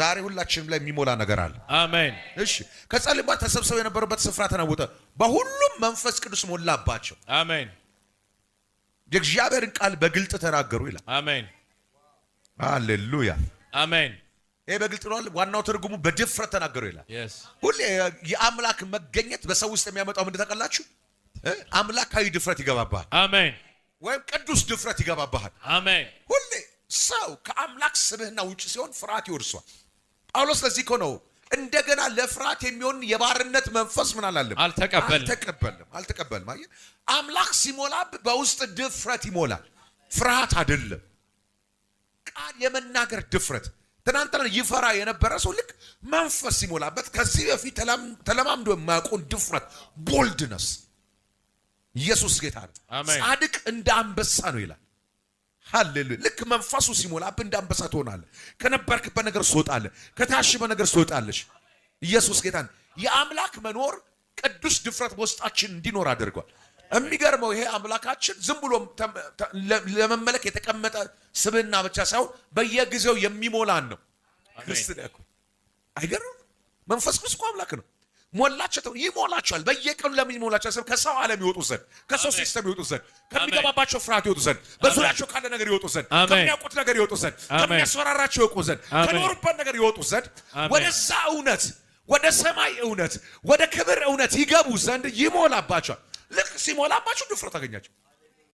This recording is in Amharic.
ዛሬ ሁላችንም ላይ የሚሞላ ነገር አለ። አሜን። እሺ፣ ከጸልባ ተሰብስበው የነበሩበት ስፍራ ተናወጠ፣ በሁሉም መንፈስ ቅዱስ ሞላባቸው። አሜን። የእግዚአብሔርን ቃል በግልጥ ተናገሩ ይላል። አሜን። ሃሌሉያ። አሜን። ይሄ በግልጥ ነው። ዋናው ትርጉሙ በድፍረት ተናገሩ ይላል። ሁሌ የአምላክ መገኘት በሰው ውስጥ የሚያመጣው ምን ታውቃላችሁ? አምላካዊ ድፍረት ይገባባል። አሜን። ወይም ቅዱስ ድፍረት ይገባባል። አሜን። ሁሌ ሰው ከአምላክ ስብህና ውጭ ሲሆን ፍርሃት ይወርሷል። ጳውሎስ ለዚህ እኮ ነው እንደገና ለፍርሃት የሚሆን የባርነት መንፈስ ምን አላለም? አልተቀበልም፣ አልተቀበልም፣ አየህ አምላክ ሲሞላ በውስጥ ድፍረት ይሞላል። ፍርሃት አይደለም፣ ቃል የመናገር ድፍረት። ትናንትና ይፈራ የነበረ ሰው ልክ መንፈስ ሲሞላበት ከዚህ በፊት ተለማምዶ የማያውቁን ድፍረት ቦልድነስ። ኢየሱስ ጌታ ነው። ጻድቅ እንደ አንበሳ ነው ይላል ሀሌሉ ልክ መንፈሱ ሲሞላ አብ አንበሳ ትሆናለህ። ከነበርክበት ነገር ትወጣለህ። ከታሽበ ነገር ትወጣለሽ። ኢየሱስ ጌታን የአምላክ መኖር ቅዱስ ድፍረት በውስጣችን እንዲኖር አድርጓል። የሚገርመው ይሄ አምላካችን ዝም ብሎ ለመመለክ የተቀመጠ ስብዕና ብቻ ሳይሆን በየጊዜው የሚሞላን ነው። ክርስት አይገርም? መንፈስ ቅዱስ እኮ አምላክ ነው። ሞላቸው ይሞላቸዋል። በየቀኑ ለምን ይሞላቸዋል? ሰው ከሰው ዓለም ይወጡ ዘንድ ከሰው ሲስተም ይወጡ ዘንድ ከሚገባባቸው ፍርሃት ይወጡ ዘንድ በዙሪያቸው ካለ ነገር ይወጡ ዘንድ ከሚያውቁት ነገር ይወጡ ዘንድ ከሚያስፈራራቸው ይወጡ ዘንድ ከኖሩበት ነገር ይወጡ ዘንድ ወደዛ እውነት ወደ ሰማይ እውነት ወደ ክብር እውነት ይገቡ ዘንድ ይሞላባቸዋል። ልክ ሲሞላባቸው ድፍረት አገኛቸው።